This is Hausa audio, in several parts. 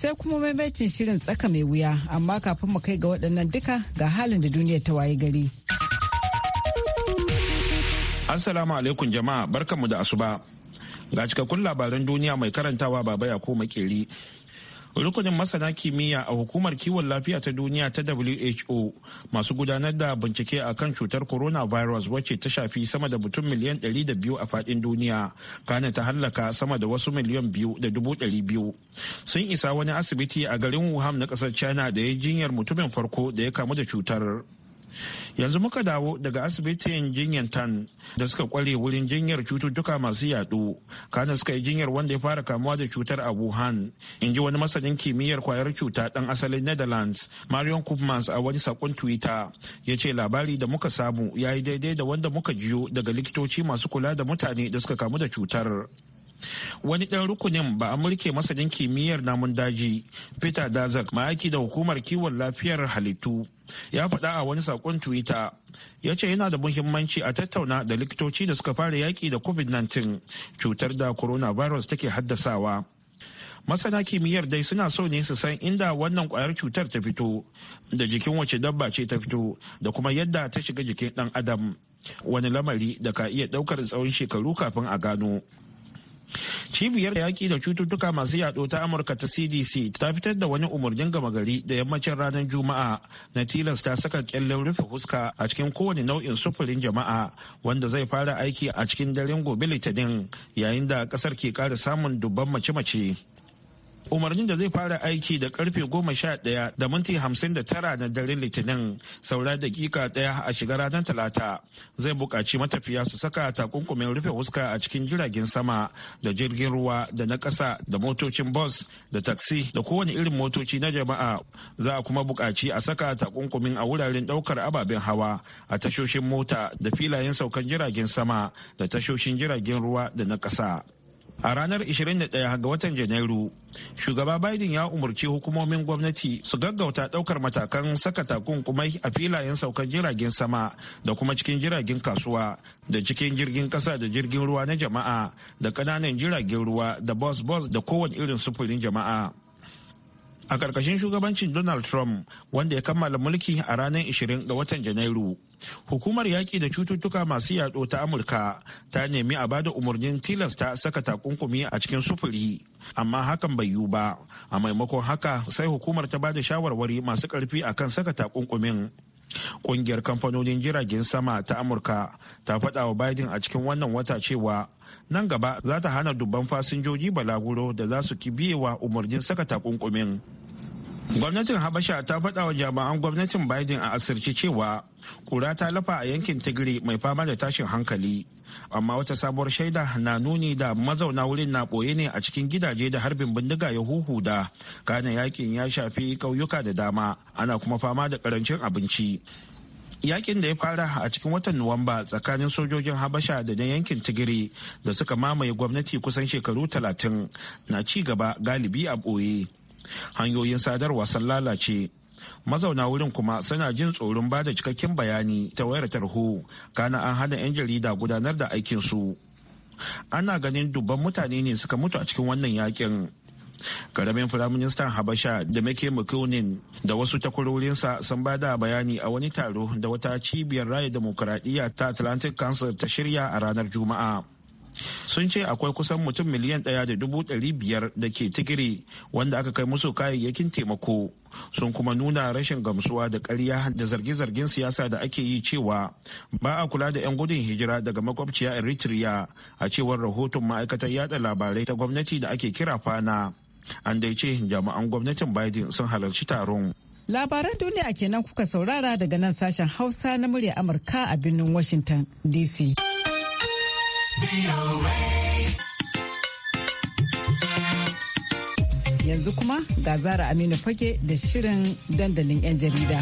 sai kuma maimaitin shirin tsaka mai wuya amma kafin mu kai ga waɗannan duka ga halin da duniyar ta waye gari. Assalamu alaikum jama'a barkanmu da asuba. Ga cikakkun labaran duniya mai karantawa baba ya ko makeri. rukunin masana kimiyya a hukumar kiwon lafiya ta duniya ta who masu gudanar da bincike a kan cutar coronavirus wacce ta shafi sama da mutum miliyan 200 a fadin duniya kana ta hallaka sama da wasu miliyan 2.200 sun isa wani asibiti a garin wuhan na kasar china da ya jinyar mutumin farko da ya kamu da cutar yanzu muka dawo daga asibitin jinyar tan da suka kware wurin jinyar cututtuka masu yadu kana suka yi jinyar wanda ya fara kamuwa da cutar a wuhan in ji wani masanin kimiyyar kwayar cuta dan asalin netherlands marion koopmans a wani sakon twitter ya ce labari da muka samu ya yi daidai da wanda muka jiyo daga likitoci masu kula da mutane da suka kamu da cutar wani ɗan rukunin ba a mulke masanin kimiyyar namun daji peter dazak ma'aiki da hukumar kiwon lafiyar halittu ya faɗa a wani saƙon twitter ya ce yana da muhimmanci a tattauna da likitoci da suka fara yaƙi da covid-19 cutar da coronavirus take haddasawa masana kimiyyar dai suna so ne su san inda wannan kwayar cutar ta fito da jikin wace dabba ce ta fito da kuma yadda ta shiga jikin ɗan adam wani lamari da ka iya ɗaukar tsawon shekaru kafin a gano cibiyar yaƙi da cututtuka masu yaɗo ta amurka ta cdc ta fitar da wani umarnin gama gari da yammacin ranar juma'a na tilasta saka kyallin rufe fuska a cikin kowane nau'in sufurin jama'a wanda zai fara aiki a cikin daren gobe litinin yayin da ƙasar ke ƙara samun dubban mace-mace umarnin da zai fara aiki da karfe goma sha ɗaya da minti hamsin da tara na daren litinin saura dakika daya a shiga ranar talata zai buƙaci matafiya su saka takunkumin rufe fuska a cikin jiragen sama da jirgin ruwa da na ƙasa da motocin bus da taksi da kowane irin motoci na jama'a za a kuma buƙaci a saka takunkumin a wuraren ɗaukar ababen hawa a tashoshin mota da filayen saukan jiragen sama da tashoshin jiragen ruwa da na ƙasa. A ranar 21 ga watan Janairu, shugaba Biden ya umarci hukumomin gwamnati su gaggauta daukar matakan saka takunkumai a filayen saukan jiragen sama da kuma cikin jiragen kasuwa da cikin jirgin kasa da jirgin ruwa na jama'a da kananan jiragen ruwa da bus-bus da kowane irin sufurin jama'a. A ƙarƙashin shugabancin Donald Trump, wanda ya kammala mulki a ranar 20 ga watan Janairu, Hukumar yaƙi da cututtuka masu yaɗo ta Amurka ta nemi a bada umarnin tilasta saka takunkumi a cikin sufuri, amma hakan bai yiwu ba. A maimakon haka sai hukumar ta bada shawarwari masu ƙarfi akan saka takunkumin. Ƙungiyar kamfanonin jiragen sama ta Amurka ta faɗa wa Biden a cikin wannan wata cewa nan gaba za ta hana dubban fasinjoji balaguro da za su kibiyewa umarnin saka takunkumin. Gwamnatin Habasha ta faɗa wa jami'an gwamnatin Biden a asirce cewa kura ta lafa a yankin Tigiri mai fama da tashin hankali. Amma wata sabuwar shaida na nuni da mazauna wurin na ɓoye ne a cikin gidaje da harbin bindiga ya huhu da. Kana yakin ya shafi ƙauyuka da dama ana kuma fama da ƙarancin abinci. yakin da ya fara a cikin watan nuwamba tsakanin sojojin habasha da na yankin tigiri da suka mamaye gwamnati kusan shekaru talatin na ci gaba galibi a ɓoye hanyoyin sadarwa sun lalace mazauna wurin kuma suna jin tsoron bada cikakken bayani ta wayar tarho kana an hana 'yan jarida gudanar da aikinsu ana ganin dubban mutane ne suka mutu a cikin wannan yakin karamin firaministan habasha da mike mukunin da wasu takwarorinsa sun ba da bayani a wani taro da wata cibiyar raya demokuraɗiyya ta atlantic council ta shirya a ranar juma'a sun ce akwai kusan mutum miliyan ɗaya da dubu ɗari biyar da ke tigiri wanda aka kai musu kayayyakin taimako sun kuma nuna rashin gamsuwa da karya da zarge-zargen siyasa da ake yi cewa ba a kula da 'yan gudun hijira daga makwabciya eritrea a cewar rahoton ma'aikatar yada labarai ta gwamnati da ake kira fana an dai ce jami'an gwamnatin biden sun halarci taron Labaran duniya kenan kuka saurara daga nan sashen Hausa na murya Amurka a birnin Washington DC. Yanzu kuma ga Zara Aminu Fage da shirin dandalin 'yan jarida.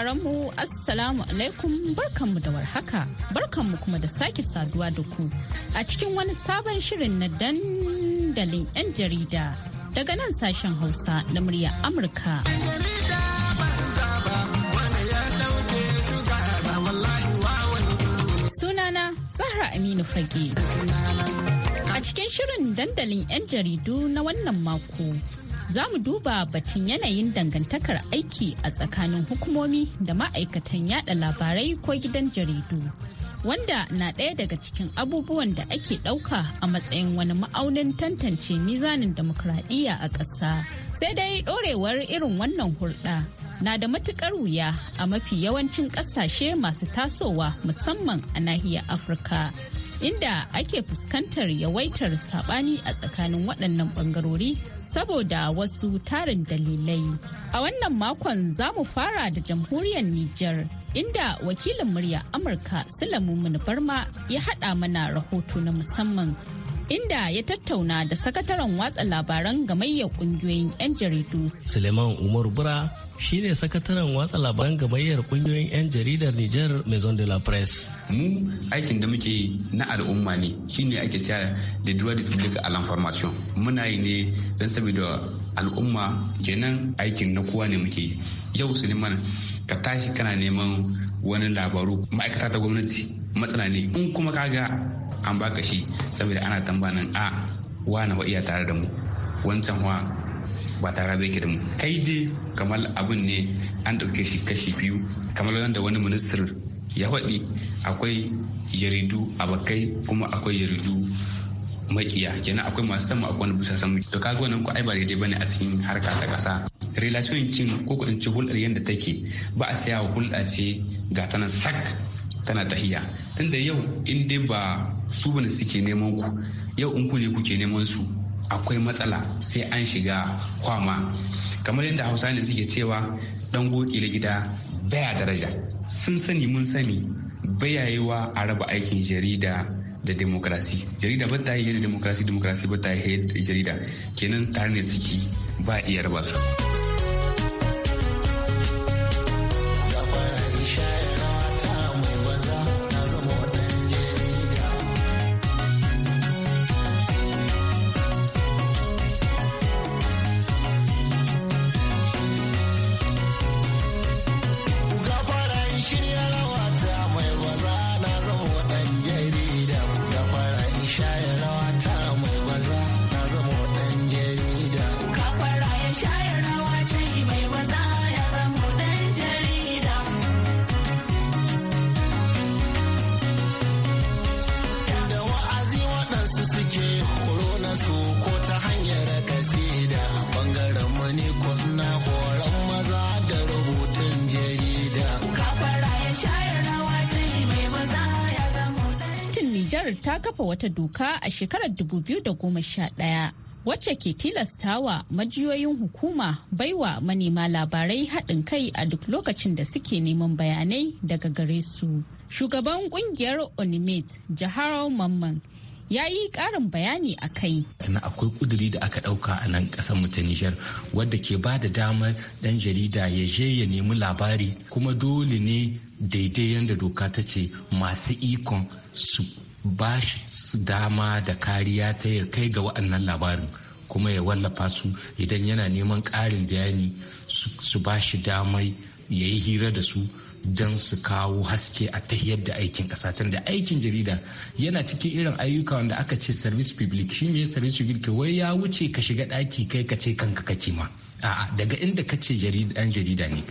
sauraron mu assalamu alaikum barkanmu da warhaka barkanmu kuma da sake saduwa da ku a cikin wani sabon shirin na dandalin 'yan jarida daga nan sashen hausa na murya amurka. Sunana Zahra Aminu Fage. A cikin shirin dandalin 'yan jaridu na wannan mako, za mu duba batun yanayin dangantakar aiki a tsakanin hukumomi da ma'aikatan yada labarai ko gidan jaridu wanda na ɗaya daga cikin abubuwan da ake ɗauka a matsayin wani ma'aunin tantance mizanin demokradiyya a ƙasa sai dai ɗorewar irin wannan hulɗa na da matuƙar wuya a mafi yawancin ƙasashe masu tasowa musamman a nahiyar afirka inda ake fuskantar yawaitar saɓani a tsakanin waɗannan ɓangarori saboda wasu tarin dalilai. A wannan makon za mu fara da jamhuriyar Nijar inda wakilin murya Amurka Sulaimu Barma ya haɗa mana rahoto na musamman inda ya tattauna da sakataren watsa labaran gamayyar kungiyoyin 'yan jaridu. Suleiman Umar Bura shi ne sakataren watsa labaran gamayyar kungiyoyin 'yan jaridar Nijar Maison de la Presse. Mu aikin da muke yi na al'umma ne shi ne ake cewa da droit de public à l'information. Muna yi ne don saboda al'umma kenan aikin na kowa ne muke yi. Yau Suleiman ka tashi kana neman wani labaru ma'aikata ta gwamnati matsala ne in kuma kaga an baka shi saboda ana tambanin a wani wa iya tare da mu wancan wa ba tare da yake da mu kai dai kamar abin ne an ɗauke shi kashi biyu kamar wanda wani ministir ya faɗi akwai jaridu bakai kuma akwai jaridu makiya kenan akwai masu sama akwai wani busa sama to kaga wannan ko ai ba daidai bane a cikin harka ta kasa relation kin ko ko in ce hulɗar yadda take ba a saya hulɗa ce ga tana sak tana tahiya tunda yau in dai ba su bane suke neman ku yau in ku ne kuke neman su akwai matsala sai an shiga kwama kamar yadda hausa ne suke cewa dan na gida baya daraja sun sani mun sani bayayewa a raba aikin jarida da demokrasi jarida ba ta yi da demokrasi demokrasi ba ta yi jarida kenan tare ne suke ba iya raba su ta kafa wata doka a shekarar 2011 wacce ke tilastawa majiyoyin hukuma baiwa manema labarai haɗin kai a duk lokacin da suke neman bayanai daga gare su. Shugaban kungiyar Onimate, Jahar Mamman, ya yi karin bayani a kai. Sannan akwai kuduri da aka ɗauka a nan ƙasar mu ta Nijar wadda ke ba da damar ɗan jarida ya je ya nemi labari kuma dole ne daidai yadda doka ta ce masu ikon su ba shi dama da kariya ta ya kai ga waɗannan labarin kuma ya wallafa su idan yana neman ƙarin bayani su ba shi damai ya yi hira da su don su kawo haske a ta yadda aikin ƙasa, tun da aikin jarida yana cikin irin ayyuka wanda aka ce service public shi ne service public wai ya wuce ka shiga ɗaki kai ka ce kanka kake ma a'a daga inda ka ce jarida ne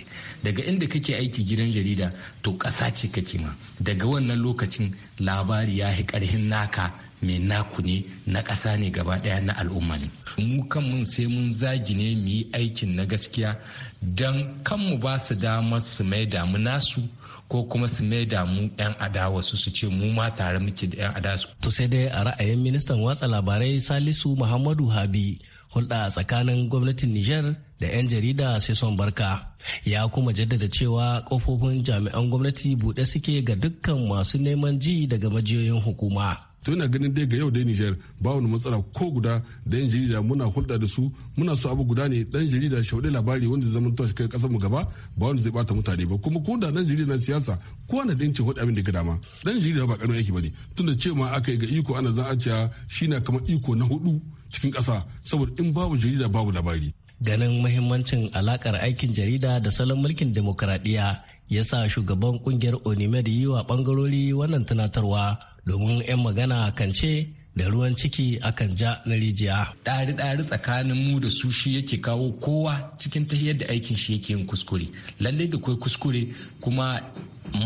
daga inda kake aiki gidan jarida to kasa ce kake ma daga wannan lokacin labari ya yi ƙarhin naka mai naku ne na ƙasa ne gaba ɗaya na al'umma ne mu kanmu sai mun zagi ne mu yi aikin na gaskiya don kanmu ba su dama su mai damu nasu ko kuma su mai damu 'yan adawa su su ce mu ma tare muke da 'yan adawa to sai dai a ra'ayin ministan watsa labarai salisu muhammadu habi hulɗa tsakanin gwamnatin Nijar da 'yan jarida sai son barka. Ya kuma jaddada cewa kofofin jami'an gwamnati buɗe suke ga dukkan masu neman ji daga majiyoyin hukuma. to ina ganin dai ga yau dai Nijar ba wani matsala ko guda da yan jarida muna hulɗa da su muna so abu guda ne dan jarida shauɗe labari wanda zai zama tashi kai mu gaba ba wanda zai bata mutane ba kuma ko da dan jarida na siyasa ko na din ce hudu abin da ga dama dan jarida ba kano aiki bane tunda cewa aka yi ga iko ana za a cewa shi na kamar iko na hudu cikin ƙasa saboda in babu jarida babu labari ganin mahimmancin alakar aikin jarida da salon mulkin demokuraɗiyya ya sa shugaban kungiyar onimed yi wa ɓangarori wannan tunatarwa domin 'yan magana kan ce da ruwan ciki akan ja na rijiya. Ɗari-ɗari tsakanin mu da su shi yake kawo kowa cikin ta da aikin shi yake yin kuskure. lallai da kuskure kuma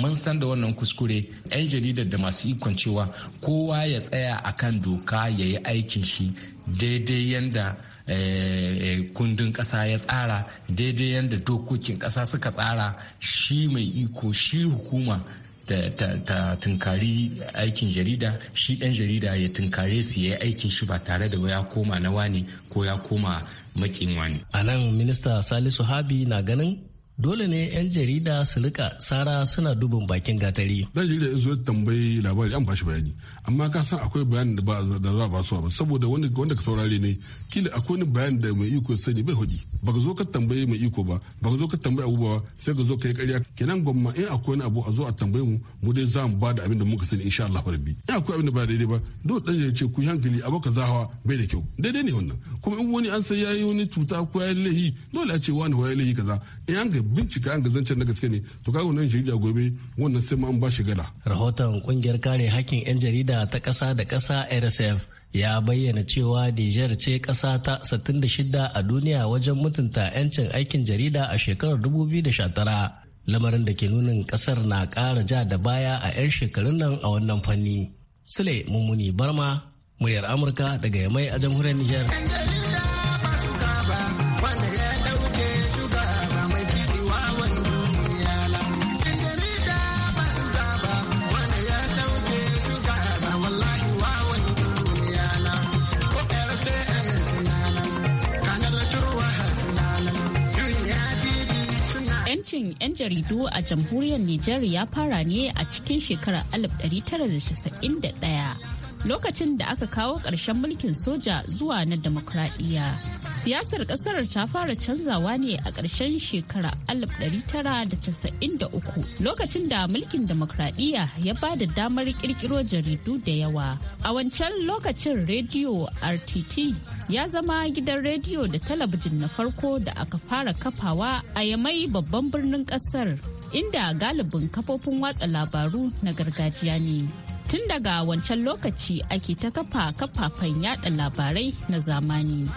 mun san da wannan kuskure 'yan jaridar da masu ikon cewa kowa ya tsaya akan doka ya yi aikin shi daidai yadda eh, eh, kundin ƙasa ya tsara daidai yadda dokokin ƙasa suka tsara shi mai iko shi hukuma ta tunkari aikin jarida shi ɗan jarida ya tunkare su ya yi aikin shi ba tare da ya koma na wani ko ya koma makin wani. A nan minista Salisu Habi na ganin dole ne 'yan jarida su rika sara suna dubin bakin gatari. Dan jarida ya zo tambayi labari an bashi bayani amma ka san akwai bayani da ba za ba su ba saboda wanda wanda ka saurare ne kila akwai wani bayani da mai iko sani bai hudi ba ka zo ka tambayi mai iko ba ba ka zo ka tambayi abu ba sai ka zo ka yi ƙarya kenan gwamma in akwai wani abu a zo a tambaye mu mu dai za mu ba da abin da muka sani insha Allah rabbi in akwai abin da ba daidai ba dole dan jarida ce ku hankali abu ka zawa bai da kyau daidai ne wannan kuma in wani an sai yayi wani cuta ko yayi lahi dole a ce wani yayi lahi kaza in eh, an ga bincika an ga zancen na gaske ne to kaga wannan shirya gobe wannan sai ma an ba shi gada rahoton kungiyar kare hakkin yan jarida ta ƙasa da ƙasa rsf ya bayyana cewa Nijar ce ƙasa ta 66 a duniya wajen mutunta 'yancin aikin jarida a shekarar 2019 lamarin da ke nunin kasar na ƙara ja da baya a 'yan shekarun nan a wannan fanni. Sule Mummuni Barma, muryar Amurka daga Yamai a jamhuriyar Nijar. 'yan jaridu a jamhuriyar Nijar ya fara ne a cikin shekarar 1991 lokacin da aka kawo ƙarshen mulkin soja zuwa na demokradiyya. Siyasar ƙasar ta fara canzawa ne a ƙarshen shekara 1993 lokacin da mulkin demokradiyya ya ba da damar ƙirƙiro jaridu da yawa. A wancan lokacin rediyo RTT ya zama gidan rediyo da talabijin na farko da aka fara kafawa a yamai babban birnin ƙasar. inda galibin kafofin watsa labaru na gargajiya ne. tun daga wancan lokaci ake ta kafa kafafen yada labarai na zamani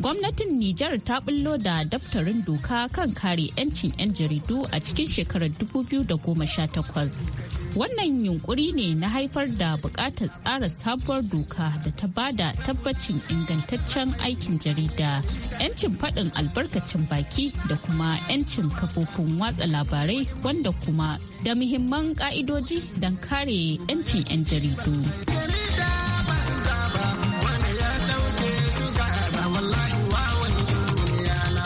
gwamnatin Nijar ta bullo da daftarin doka kan kare 'yancin 'yan jaridu a cikin shekarar 2018 wannan yunkuri ne na haifar da bukatar tsara sabuwar doka da ta bada tabbacin ingantaccen aikin jarida yancin faɗin albarkacin baki da kuma yancin kafofin watsa labarai wanda kuma da muhimman ka'idoji don kare yancin 'yan jaridu.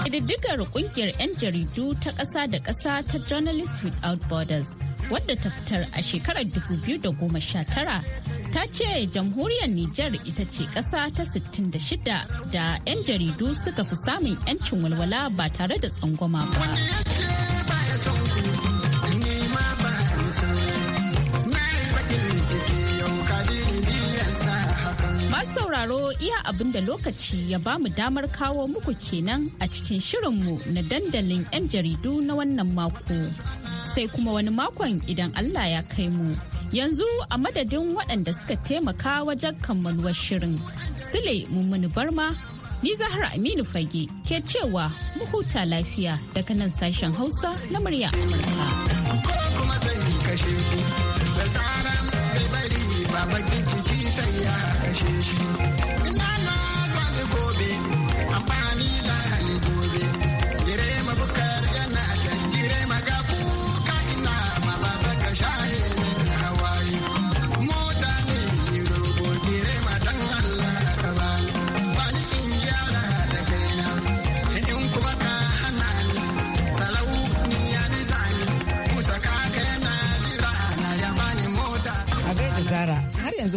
Ƙididdigar ƙungiyar 'yan jaridu ta ƙasa da ƙasa ta Journalists Without Borders wadda ta fitar a shekarar 2019 ta ce jamhuriyar Nijar ita ce kasa ta 66 da 'yan jaridu suka fi samun 'yancin walwala ba tare da tsangwama ba. sauraro iya abin da lokaci ya ba mu damar kawo muku kenan a cikin shirinmu na dandalin 'yan jaridu na wannan mako. sai kuma wani makon idan Allah ya kai mu. Yanzu a madadin waɗanda suka taimaka wajen kammaluwar shirin. Sule mummuni barma, ni zahar Aminu Fage ke cewa muhuta lafiya daga nan sashen Hausa na murya Amurka.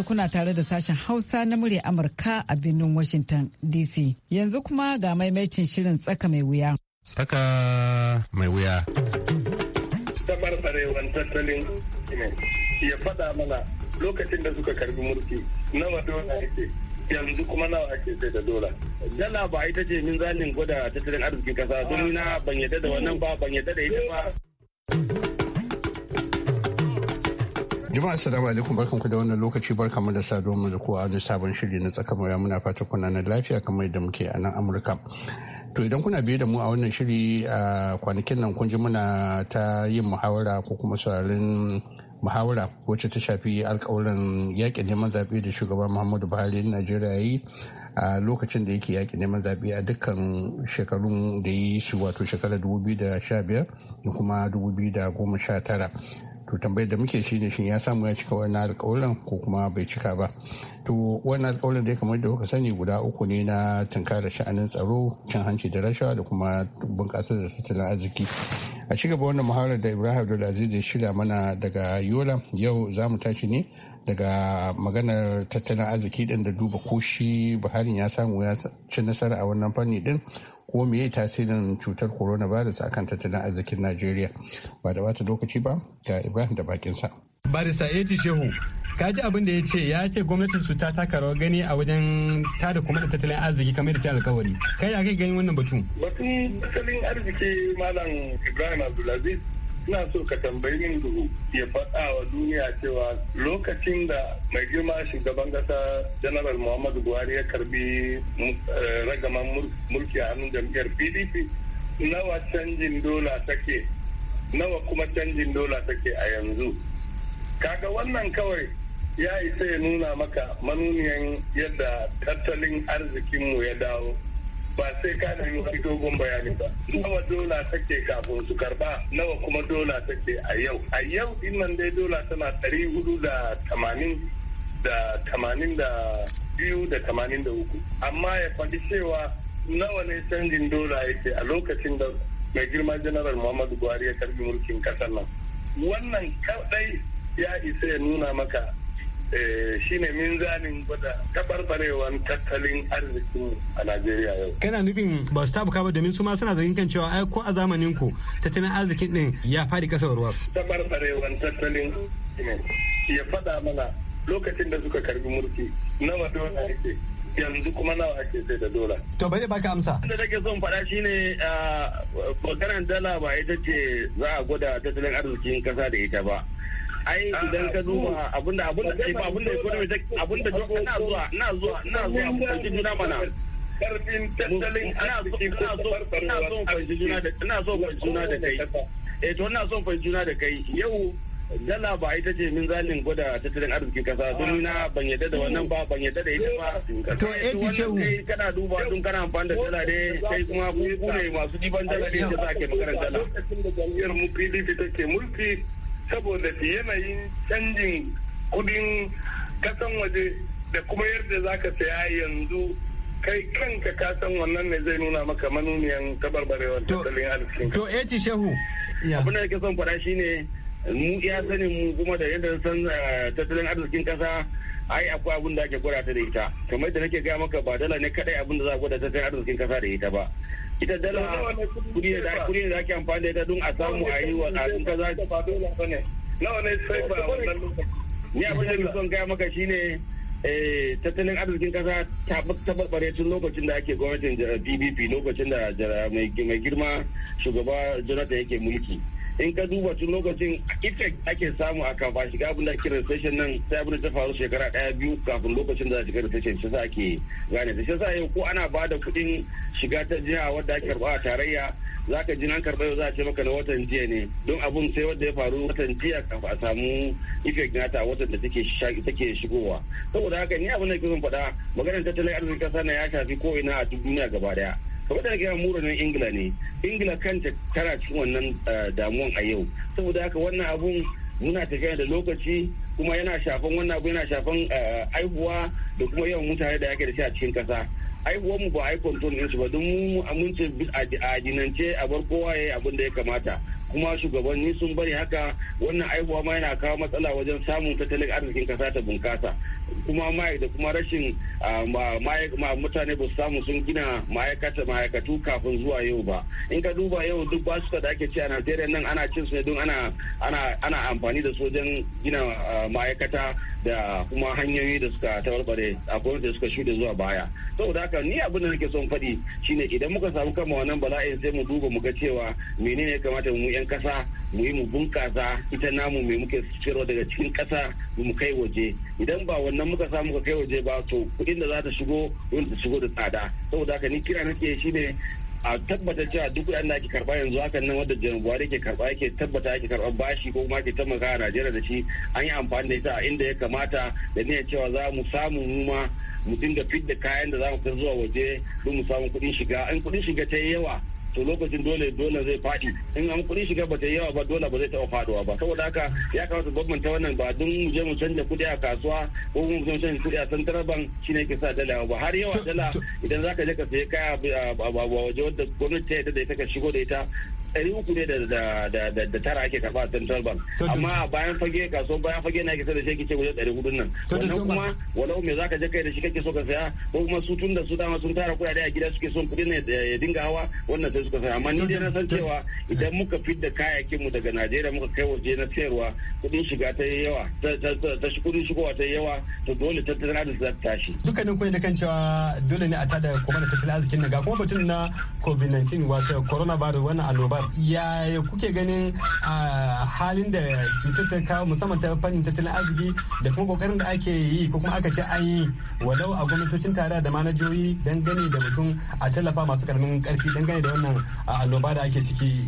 yanzu kuna tare da sashen Hausa na murya Amurka a birnin Washington DC. Yanzu kuma ga maimacin shirin tsaka mai wuya. Tsaka mai wuya. Tabarbarewan tattalin ya faɗa mana lokacin da suka karbi mulki nawa dola ake yanzu kuma nawa ake sai da dola. Dala ba ita ce min zalin gwada tattalin arzikin kasa don na ban yadda da wannan ba ban yadda da ita ba. Jama'a assalamu alaikum barkanku da wannan lokaci kamar da saduwa mu da kowa da sabon shiri na tsaka mura muna fata kuna na lafiya kamar da muke a nan Amurka. To idan kuna biye da mu a wannan shiri a kwanakin nan kun ji muna ta yin muhawara ko kuma sauraron muhawara wacce ta shafi alkawarin yakin neman zaɓe da shugaban muhammadu buhari na najeriya yi a lokacin da yake yakin neman zaɓe a dukkan shekarun da yi su wato shekarar 2015 da kuma 2019 to tambayar da muke shine shin ya samu ya cika wannan alkawalan ko kuma bai cika ba to wannan da ya kamar da kuka sani guda uku ne na tunkara sha'anin tsaro cin hanci da rashawa da kuma bunƙasar da tattalin arziki a ci gaba wannan muhawara da ibrahim abdulaziz ya shirya mana daga yola yau za mu tashi ne daga maganar tattalin arziki din da duba ko shi buhari ya samu ya ci nasara a wannan fanni din ko meye tasirin cutar corona coronavirus akan tattalin arzikin najeriya ba da wata lokaci ba ga ibrahim da bakinsa barisa eti shehu kaji abin da ya ce ya ce gwamnatin su ta taka rawar gani a wajen tada kuma da tattalin arziki kamar da ta alkawari kai ya kai ganin wannan batun batun tattalin arziki malam ibrahim abdulaziz ina so ka tambayi min duhu ya faɗa wa duniya cewa lokacin da mai girma shugaban kasa janaral muhammadu buhari ya karbi eh, ragaman mulki a hannun jam'iyyar pdp nawa canjin dola take nawa kuma canjin dola take a yanzu kaga wannan kawai ya isa ya nuna maka manuniyan yadda tattalin arzikinmu ya dawo ba sai ka da yi dogon bayani ba nawa dola take kafin su karba nawa kuma dola take a yau a yau din nan dai dola tana ɗari hudu da tamanin da tamanin da biyu da tamanin da uku amma ya faɗi cewa nawa ne canjin dola yake a lokacin da mai girma general muhammadu buhari ya karbi mulkin kasar nan wannan kaɗai ya isa ya nuna maka Shi eh, shine minzanin gwada taɓarɓarewan tattalin arzikin a Najeriya yau. Kana nufin ba su tabuka ba domin su ma suna zargin kan cewa ai ko a zamanin ku tattalin arzikin din ya fadi kasar su. Taɓarɓarewan tattalin ya faɗa mana lokacin da suka karbi mulki nawa dola yake yanzu kuma nawa ake sai da dola. To ba baka amsa. Wanda take son faɗa shine maganar dala ba ita ce za a gwada tattalin arzikin ƙasa da ita ba. ai ah, idan ka duba abinda abinda ba abinda economy abinda na zuwa na zuwa na zuwa mun juna mana karfin tattalin arziki ko ina so fahimci juna da ina so fahimci juna da kai eh to ina so fahimci juna da kai yau dala ba ita ce min zalin gwada tattalin arzikin kasa don na ban yadda da wannan ba ban yadda da ita ba to eh, eti shehu kai kana duba tun kana amfani da dala dai kai kuma ku ne masu diban dala dai da ke magana dala lokacin da jam'iyyar mu PDP take mulki saboda yanayin canjin kudin kasan waje da kuma yadda za ka saya yanzu kai kanka ka san wannan ne zai nuna maka manuniyan tabarbarewar tattalin arzikin to eh, ci shehu abin da ke son faɗa ne mu iya sanin mu kuma da yadda san eh, tattalin arzikin kasa ai akwai abin da ake gwada ta da ita kamar yadda nake gaya maka ba dala ne kadai abin da za a gwada tattalin arzikin kasa da ita ba ita dala kudi da kudi da ake amfani da ita don a samu a yi wa al'adun kaza nawa ne sai ba wannan lokaci ni abin da son kai maka shine eh, tattalin arzikin kasa ta tabbare tun lokacin da ake gwamnatin BBP lokacin da mai girma shugaba Jonathan yake mulki in ka duba tun lokacin effect ake samu a kan shiga abin da kira recession nan sai abin da ta faru shekara daya biyu kafin lokacin da za shiga recession shi sa ake gane shi sa yau ko ana ba da kuɗin shiga ta jiha wadda ake karɓa a tarayya za ka ji nan karɓa yau za a ce maka na watan jiya ne don abun sai wadda ya faru watan jiya kafin a samu effect ta watan da take shigowa saboda haka ni abin da ke zan faɗa maganar tattalin arzikin ƙasa na ya shafi ko ina a duk duniya gaba daya waɗanda mura muranin ingila ne ingila kanta tana cikin wannan eh, damuwan a yau saboda haka wannan abun muna tafiya da lokaci kuma yana shafan wannan abu yana shafan eh, aihuwa da kuma yawan mutane da yake da shi a cikin kasa aihuwanmu mu ba ai control ɗinsu ba don mu amince a adinance a bar kowa ya yi abin da ya kamata kuma shugabanni sun bari haka wannan aihuwa ma yana kawo matsala wajen samun tattalin arzikin kasa ta bunkasa kuma da kuma rashin mutane ba su samu sun gina ma'aikata ma'aikatu kafin zuwa yau ba in ka duba yau duk ba basuka da ake ci a najeriya nan ana cin su ne don ana amfani da su wajen gina ma'aikata da kuma hanyoyi da suka tabarbare a gwamnati da suka shuɗe zuwa baya saboda haka ni abin da nake son faɗi shine idan muka samu kama wannan bala'in sai mu duba mu ga cewa menene kamata mu 'yan kasa mu yi mu bunkasa ita namu mai muke fitarwa daga cikin kasa mu kai waje idan ba wannan muka samu ka kai waje ba to kuɗin da za ta shigo wanda ta shigo da tsada saboda haka ni kira nake shine a tabbata cewa duk kuɗin da ake karɓa yanzu hakan nan wanda jan buhari ke karɓa yake tabbata ake karba bashi ko kuma ke tamaka a najeriya da shi an yi amfani da ita a inda ya kamata da niyyar cewa za mu samu mu ma mu dinga fidda kayan da za mu kai zuwa waje don mu samu kuɗin shiga in kuɗin shiga ta yawa to lokacin dole dole zai faɗi in an kuɗi shiga ba ta yi yawa ba dole ba zai taɓa faɗuwa ba saboda haka ya kamata bambanta wannan ba don mu je mu canja kuɗi a kasuwa ko mu mu canja kuɗi a santar ban shine ke sa dala ba har yawa dala idan zaka je ka sayi kaya a waje wadda gwamnati ta ta da ita ka shigo da ita ɗari uku ne da tara ake karɓa a central bank amma bayan fage kaso bayan fage na ake sai da shi ce wajen ɗari hudun nan wannan kuma walau me zaka je kai da shi kake so ka saya ko kuma su tun da su dama sun tara kuɗaɗe a gida suke son kuɗi ne ya dinga hawa wannan sai suka saya amma ni dai na san cewa idan muka fidda kayayyakinmu daga Najeriya muka kai waje na sayarwa kuɗin shiga ta yawa ta kuɗin shigowa ta yawa to dole tattalin arziki za ta tashi dukkanin kuɗi da kan cewa dole ne a tada kuma da tattalin arzikin nan ga kuma batun na COVID-19 wato coronavirus wannan annoba ya kuke ganin a halin da cutar ta kawo musamman ta fannin tattalin arziki da kuma kokarin da ake yi ko kuma aka ce an yi walau a gwamnatocin tare da manajoyi dangane da mutum a tallafa masu karamin karfi dangane da wannan annoba da ake ciki.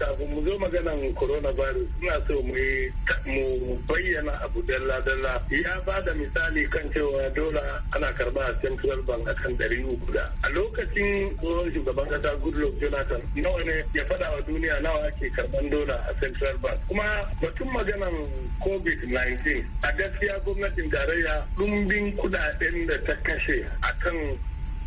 Kafin mu zo maganan coronavirus ina so mu bayyana abu dalla-dalla ya ba da misali kan cewa dola ana karba a central bank a kan ɗari uku da a lokacin tsohon shugaban kasa goodluck jonathan nawa ne ya faɗa wa duniya nawa ake karban dola a central bank kuma batun maganan covid-19 a gaskiya gwamnatin tarayya ɗumbin kuɗa kudaden da ta kashe akan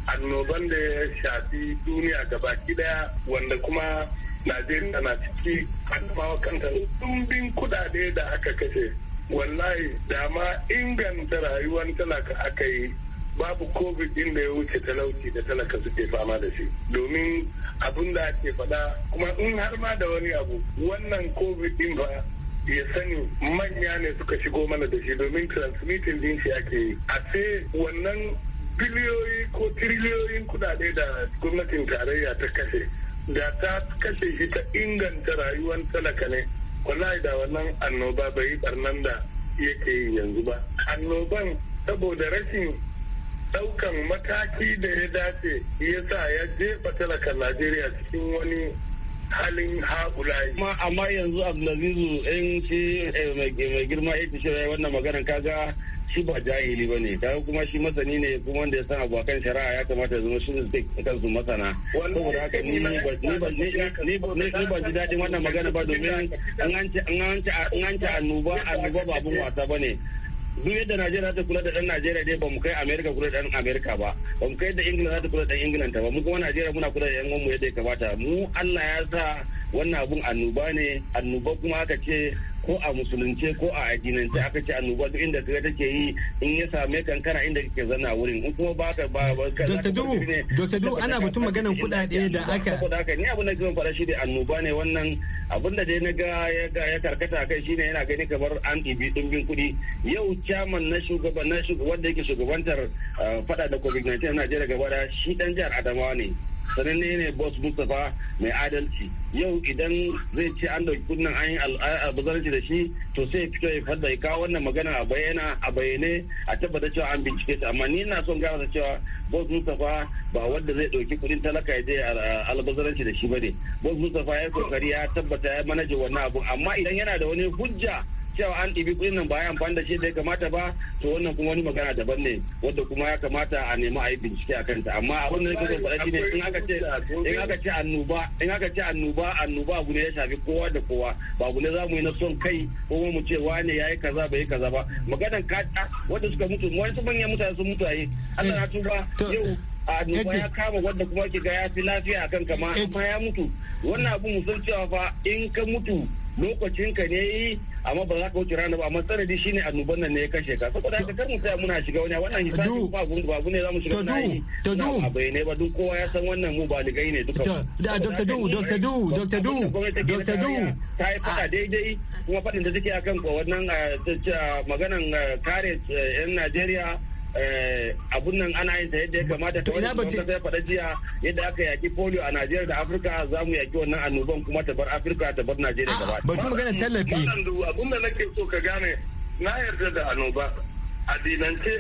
annoban da ya shafi duniya gaba daya wanda kuma najeriya na ciki hannumawa kanta dumbin kudade da aka kashe wallahi dama inganta rayuwar talaka aka yi babu covid din da ya wuce talauci da talaka suke fama da shi domin abin da ake faɗa kuma in har ma da wani abu wannan covid din ba ya sani manya ne suka shigo mana da shi domin transmitting din shi ake yi a sai wannan biliyoyi ko tiriliyoyin kudade da gwamnatin tarayya ta kashe da ta kashe shi ta inganta rayuwar talaka ne wallahi da wannan annoba bai yi barnan da yake yi yanzu ba annoban saboda rashin daukan mataki da ya dace ya sa ya jefa talakan najeriya cikin wani halin haƙulayi. Amma yanzu Abdulazizu in shi eh, mai girma ya shirya wannan maganar kaga shi ba jahili ba ne kaga kuma shi masani ne kuma wanda ya san abu akan shari'a ya kamata ya zama shi ne kansu masana saboda haka ni ban ji daɗin wannan magana ba domin an an ci annoba annoba ba abun wasa ba ne duk yadda najeriya ta kula da dan najeriya dai ba mu kai america kula da dan america ba ba mu kai da ingila za ta kula da ingila ta ba mu kuma najeriya muna kula da yan yadda ya kamata mu allah ya sa wannan abun annuba ne annuba kuma aka ce ko a musulunce ko a addinance aka ce annoba duk inda kaga take yi in ya same kan kana inda kake zanna wurin in kuma ba ka ba ka Dr. Duhu Dr. Duhu ana batun maganan kudade da aka saboda haka ni abun da zan fara shi da annoba ne wannan abun da dai na ga ya karkata kai shine yana gani kamar an ɗibi ɗumbin kudi. yau chairman na shugaban na shugaban da yake shugabantar eh, fada da covid-19 a Najeriya gaba da shi dan jihar Adamawa ne sananne ne boss mustapha mai adalci yau idan zai ce an dauki kunnan an yi albazaranci da shi to sai ya fito ya fadda ya kawo wannan magana a bayyana a bayyane a tabbata cewa an bincike ta amma ni ina son da cewa boss mustapha ba wanda zai dauki kudin talaka ya je albazaranci da shi bane boss mustapha ya kokari ya tabbata ya manaje wannan abu amma idan yana da wani hujja cewa an ɗibi kuɗin nan ba ya amfani da shi da ya kamata ba to wannan kuma wani magana daban ne wadda kuma ya kamata a nemi a yi bincike a kanta amma abin da nake so faɗa ne in aka ce in aka ce annoba in aka ce annoba annoba abu ne ya shafi kowa da kowa ba abu ne za mu yi na son kai ko mu ce wane yi kaza bai yi kaza ba maganan kaɗa wanda suka mutu wani sun manyan mutane sun mutu a yi Allah na tuba yau a duba ya kama wanda kuma ke ga ya fi lafiya akan kama amma ya mutu wannan abu mu san cewa fa in ka mutu lokacin ka ne amma ba za ka wuce rana ba amma shi ne annoban nan ne ya kashe ka saboda haka kar mu tsaya muna shiga wani wannan hisabin ba gun ba za mu shiga na yi du ba ne ba duk kowa ya san wannan mu baligai ne duka da Dr. Du Dr. Du Dr. Du Dr. Du ta yi fada daidai kuma fadin da take akan wannan magana kare eh, 'yan Najeriya Eh, abun nan ana yin ta yadda ya kamata ta wani kuma sai faɗa jiya yadda aka yaki polio a Najeriya da Afirka za mu yaki wannan annoban kuma ta bar Afirka ta bar Najeriya gaba. Batun magana tallafi. Abun da nake so ka gane na yarda da annoba addinance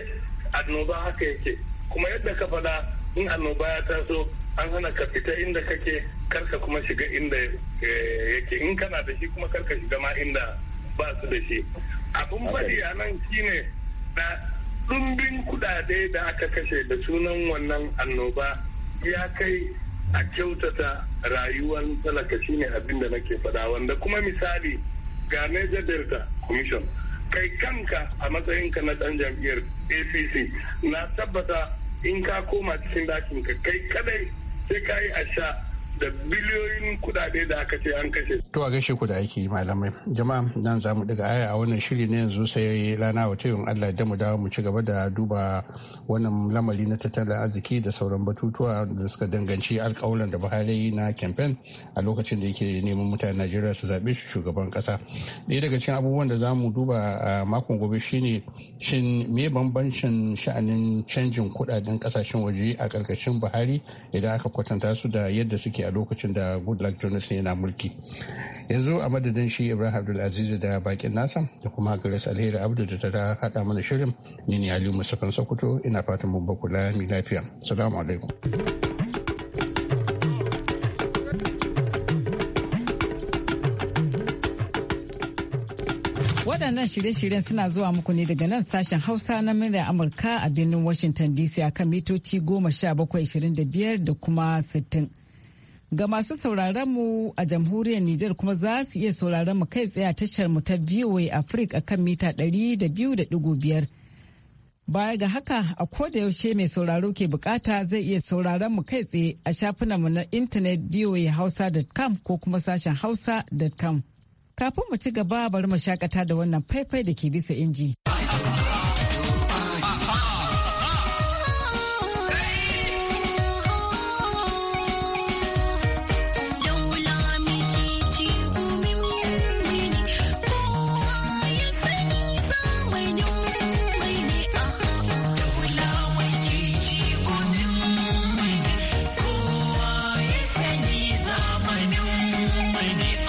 annoba haka yake kuma yadda ka faɗa in annoba ya taso an hana ka fita inda kake karka kuma shiga inda eh, yake in kana da shi kuma karka shiga ma inda ba su da shi abun bari a nan shine ɗumbin kuɗaɗe da aka kashe da sunan wannan annoba ya kai a kyautata rayuwar talaka shine abin da nake faɗa wanda kuma misali ga Niger Delta Commission kai kanka a matsayinka na ɗan jam'iyyar APC na tabbata in ka koma cikin dakin kai kadai sai ka yi a sha da biliyoyin kudade da aka ce an kashe To a gaishe ku da aiki malamai. Jama'a nan za mu daga aya a wannan shiri ne yanzu sai rana wata yin Allah da mu dawo mu ci gaba da duba wannan lamari na tattalin arziki da sauran batutuwa da suka danganci alkawalan da Buhari na campaign a lokacin da yake neman mutanen Najeriya su zaɓe shi shugaban ƙasa. Ɗaya daga cikin abubuwan da za mu duba a makon gobe shine shin me bambancin sha'anin canjin kuɗaɗen ƙasashen waje a ƙarƙashin Buhari idan aka kwatanta su da yadda suke a lokacin da Goodluck Jonathan yana mulki. yanzu a madadin shi ibrahim abdulaziz da bakin nasa da kuma grace alheri abdu da ta haɗa mana shirin ni ne aliyu kan sokoto ina fatan mun ba kula mi lafiya salamu alaikum waɗannan shirye-shiryen suna zuwa muku ne daga nan sashen hausa na murya amurka a birnin washington dc a kan mitoci 1725 da kuma 60 Ga masu sauraron mu a jamhuriyar Nijar kuma za su iya sauraron mu kai tsaye a tashar mu ta VOA Africa kan mita 200.5. Baya ga haka a koda yaushe mai sauraro ke bukata zai iya sauraron mu kai tsaye a mu na intanet voahausa.com ko kuma sashen hausa.com. Kafin mu ci gaba bari mu shakata da wannan faifai da ke bisa inji. I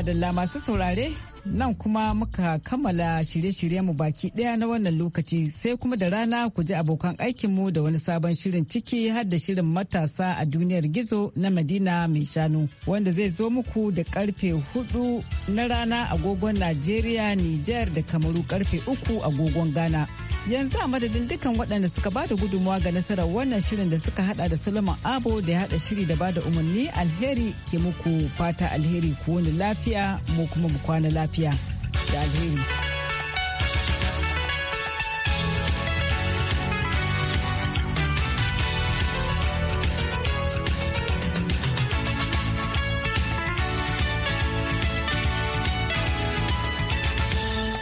madalla masu saurare Nan kuma muka kammala shirye mu baki ɗaya na wannan lokaci sai kuma da rana ku ji abokan aikinmu da wani sabon shirin ciki har da shirin matasa a duniyar gizo na Madina mai shanu wanda zai zo muku da karfe hudu na rana agogon Najeriya, Nijar da Kamaru karfe uku agogon Ghana. yanzu a madadin dukkan waɗanda suka bada gudunmawa ga nasarar wannan shirin da suka hada da Solomon Abo da ya hada shiri da bada umarni alheri ke muku fata alheri ku wani lafiya mu kuma mu kwana lafiya. lafiya da alheri.